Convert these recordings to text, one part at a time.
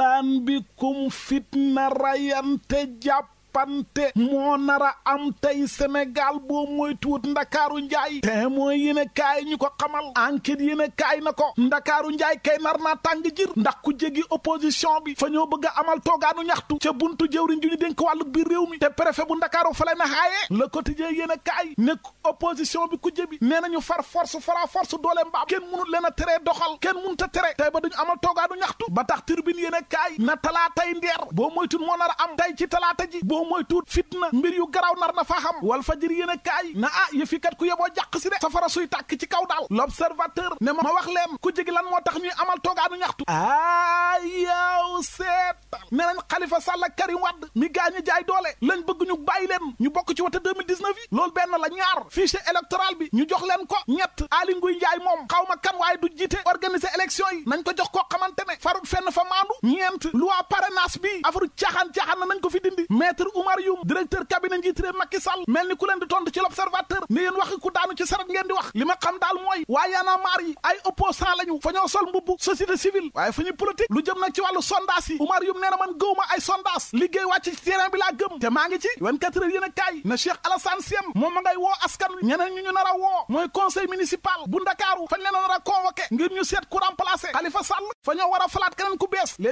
laan bi kum fitna rayante jàpp pante moo nara am tey Sénégal boo moytuwut ndakaaru njaay te mooy yéen a kaay ñu ko xamal enquête yéen a kaay na ko ndakaaru njaay kay nar naa tàng jir ndax ku jéggi opposition bi fa ñoo bëgg a amal toogaanu ñaxtu ca buntu jëwriñ ju ñu dénk wàllu biir réew mi te préfet bu ndakaaru fa leen a xaayee le quotidien yéen a kaay ne opposition bi ku jëbi nee nañu far force fara force doole mbaam kenn mënut leen a teree doxal kenn munut a tere ba duñu amal toogaanu ñaxtu ba tax turbine yéen a kaay na talaatay ndeer boo moytuut moo nar a am tey ci talaata ji boo moytuut fitna mbir yu garaw nar na faa xam wal fajir yéen a kaay na ah yëfikat ku yeboo jàq si de safara suy tàkk ci kaw daal l'observateur ne ma wax leen ku jegi lan moo tax ñuy amal toogaanu ñaxtu aa yow seetal ne nañ Xalifa Sall ak Karim Wade mi gaañu jaay doole lañ bëgg ñu bàyyi leen ñu bokk ci wata 2019 yi loolu benn la ñaar fichier électoral bi ñu jox leen ko ñett Aly Ngouille moom xaw ma kan waaye du jiite organiser élection yi nañ ko jox ko malu ñeent loi parrainage bi affaire caaxaan-caaxaan na nañ fi dindi maître Oumar Youm directeur cabinet njiit réew mel ni ku leen di tontu ci l'observateur ne yéen waxi daanu ci saret ngeen di wax li xam daal mooy waa yaana yi ay opposant lañu fa ñoo sol mbubb société civile waaye fa ñuy politique lu jëm nag ci wàllu sondage yi Oumar Youm nee na man ay sondage liggéey wàcc ci terrain bi laa gëm te maa ngi ci 24 heures yéen kaay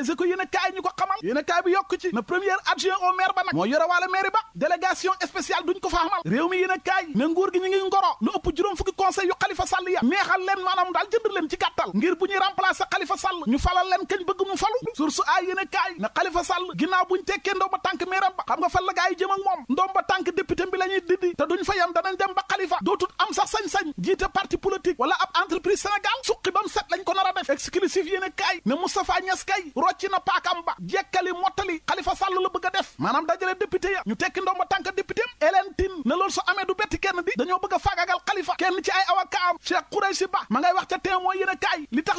les éco yéen a kaay ñu ko xamal yéen a kaay bi yokk ci na premier adjoint au maire ba nag moo yore waale maire ba délégation spéciale duñ ko fa xamal réew mi yéen a kaay ne nguur gi ñu ngi ngoro lu ëpp juróom fukki conseil xalifa sàll ya neexal leen maanaam daal jënd leen ci gàttal ngir bu ñuy remplacer xalifa sàll ñu falal leen kañ bëgg mu falu source aay yéen a kaay ne Khalifa Sall ginnaaw buñ tekkee ndomba tànk meeram ba xam nga fan la gaa yi jëm ak tànk député bi la diddi te duñ fa yam danañ dem ba Khalifa dootul am sax sañ-sañ jiite parti politique wala ab entreprise Sénégal suqi bam set lañ ko nar a def exclusif yéen a kaay ne Moustapha Niass kay rocci na paakam ba jekkali mottali Khalifa Sall la bëgg a def maanaam dajale député ya ñu tekki ndomba a faagagal Khalifa Ba ma ngay wax ca témoin a kaay li tax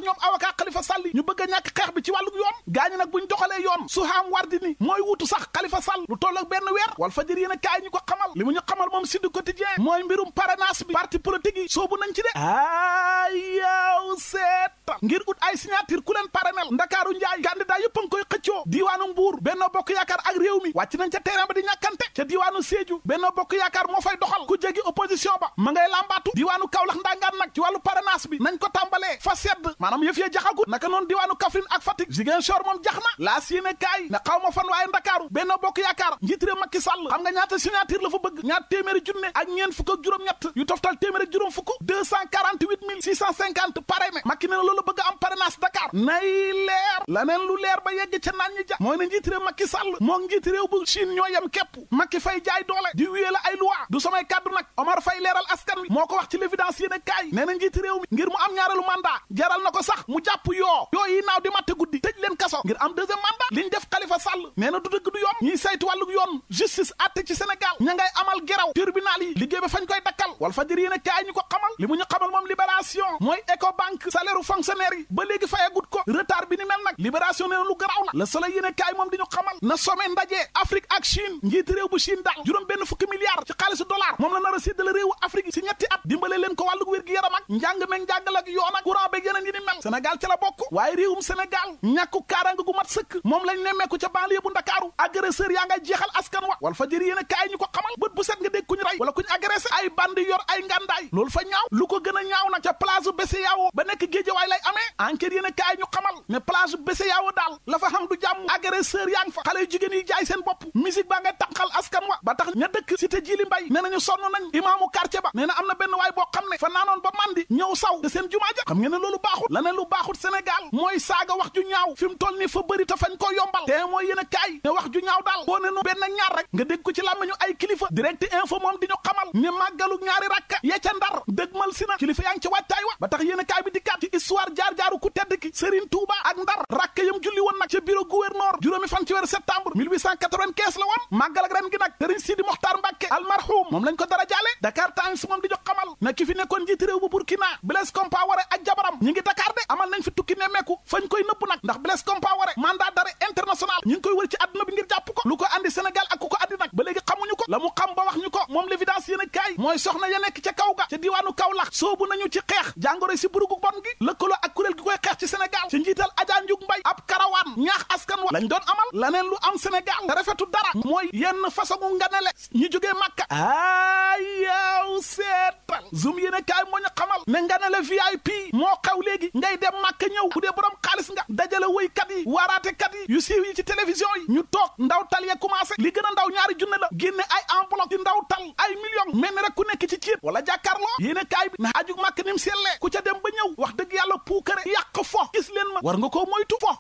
su Soham Wardini mooy wutu sax kalifa Sall lu toll benn weer wal fajër yéen a kaay ñu ko xamal li mu ñu xamal moom Sud Quotidien mooy mbirum parrainage bi parti politique yi soobu nañ ci de ayaw seetal ngir ut ay signature ku leen parrainel ndakaaru njaay candidat yëpp a ngi koy xëccoo diiwaanu Mbour Benno Bokk Yaakaar ak réew mi wàcc nañ ca terrain ba di ñàkkante ca diiwaanu Sédhiou Benno Bokk Yaakaar moo fay doxal ku jegi opposition ba ma ngay làmbaatu diiwaanu kaay ne xaw ma ndakaaru benn bokk yaakaar njiit réew Macky xam nga ñaata signature la bëgg ñaar téeméeri junne ak ñeen fukk juróom-ñett yu toftal téeméer juróom fukk pare me Macky ne loolu bëgg am parrainage Dakar nay leer laneen lu leer ba yegg ca naan ñi ja mooy ne njiit réew Macky Sall moo bu Chine ñoo yem képp Macky fay jaay doole di wéye la ay loi du samay kàddu nag Omar Fay leeral askan moo ko wax ci kaso ngir am deuxième mandat liñ def Khalifa Sall nee du dëgg du yoon ñuy saytu wàlluk yoon justice àtte ci Sénégal ña amal geraw tribunal yi liggéey ba fañ koy dakkal wal fajër yéen a ñu ko xamal li mu ñu xamal moom libération mooy Ecobank salaire u fonctionnaire yi ba léegi fayagut ko retard bi ni mel nag libération nee na lu garaaw la le soleil yéen moom di ñu xamal na sommet ndaje Afrique ak Chine njiiti réew bu Chine daal juróom benn fukki milliards ci xaalisu dollar moom la ca banlieue bu ndakaaru agresseur yaa ngay jeexal askan wa wal fa jëri yéen a ko xamal bët bu set nga dégg ku rey wala ku ñu ay bandi yor ay ngàndaay loolu fa ñaaw lu ko gën a ñaaw nag ca place bu bese yaawoo ba nekk géejawaay lay enquête yéen a kaay ñu xamal ne place bése daal la fa xam du jàmm agresseur yaa ngi fa xale yu jigéen yi jaay seen bopp musique baa nga tànqal askan wa ba tax ña dëkk cité Djily Mbaye nee nañu sonn nañ imaamu quartier ba nee na am na benn waay boo xam ne fa naanoon ba mandi ñëw saw te seen jumaa ja xam ngeen loolu baaxut la lu baaxut Sénégal mooy saaga wax ju ñaaw fi mu toll ni fa bëri te fañ ko yombal te mooy yéen a kaay ne wax ju ñaaw daal boo ne nu benn ñaar rek nga dégg ko ci a jaaru tedd ki Serigne Touba ak Ndar rakk yam julli woon nag ca bureau gouverneur juróomi fan ci weer septembre 1895 la woon gi nag Serigne Sidi Mokhtar Mbacke almarhum moom lañ ko dara jaale Dakar Times moom di jox xamal na fi nekkoon njiiti bu Burkina Blaise Compaoré ak jabaram ñi ngi Dakar de amal nañ fi tukki nemmeeku fañ koy nëbb nag ndax Blaise Compaoré mandat d'arrêt international ñi koy wër ci àdduna bi ngir jàpp ko lu ko njiital Adja Ndiouck ñaax askan wa lañ doon amal laneen lu am Sénégal te rafetu dara mooy yenn façon nga nele ñu jógee màkka ayaw seetal zoom yéen a kaay moo ñu xamal ne nga nele VIP moo xaw léegi ngay dem màkka ñëw bu dee borom xaalis nga dajale woykat yi waaraatekat yi yu siiw yi ci télévision yi ñu toog ndaw tal ya commencé li gën a ndaw ñaari junne la génne ay enveloppe ci ndaw tal ay million mel ni ku nekk ci ciit wala jàkkaarloo yéen a kaay na aju màkk nim sellee ku ca dem wax dëgg yàlla puukare yàq fo ma war nga ko moytu fo